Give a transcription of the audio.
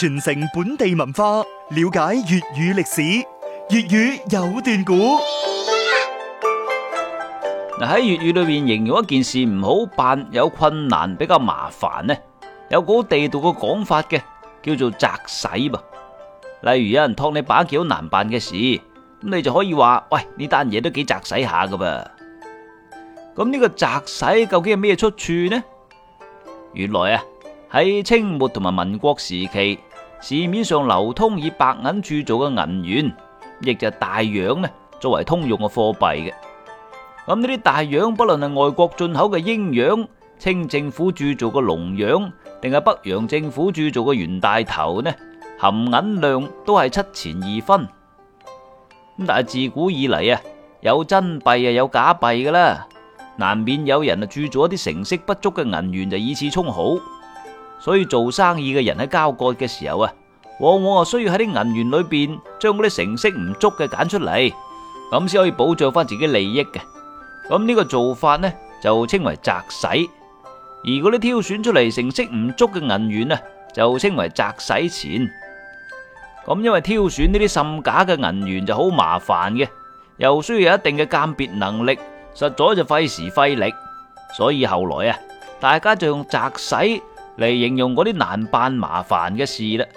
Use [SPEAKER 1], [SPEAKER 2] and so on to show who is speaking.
[SPEAKER 1] 傳承本地文化，了解粵語歷史。粵語有段古喺粵語裏面形容一件事唔好辦，有困難，比較麻煩呢，有個好地道嘅講法嘅，叫做“擇使”噃。例如有人託你把幾好難辦嘅事，咁你就可以話：喂，呢單嘢都幾擇使下噶噃。咁呢個擇使究竟係咩出處呢？原來啊，喺清末同埋民國時期。市面上流通以白銀鑄造嘅銀元，亦就係大洋咧，作為通用嘅貨幣嘅。咁呢啲大洋，不論係外國進口嘅鷹洋、清政府鑄造嘅龍洋，定係北洋政府鑄造嘅袁大頭咧，含銀量都係七錢二分。咁但係自古以嚟啊，有真幣啊，有假幣噶啦，難免有人啊鑄造一啲成色不足嘅銀元就以次充好，所以做生意嘅人喺交割嘅時候啊。往往啊，需要喺啲銀元裏邊將嗰啲成色唔足嘅揀出嚟，咁先可以保障翻自己的利益嘅。咁呢個做法呢就稱為擇使，而嗰啲挑選出嚟成色唔足嘅銀元啊，就稱為擇使錢。咁因為挑選呢啲摻假嘅銀元就好麻煩嘅，又需要有一定嘅鑑別能力，實在就費時費力。所以後來啊，大家就用擇使嚟形容嗰啲難辦麻煩嘅事啦。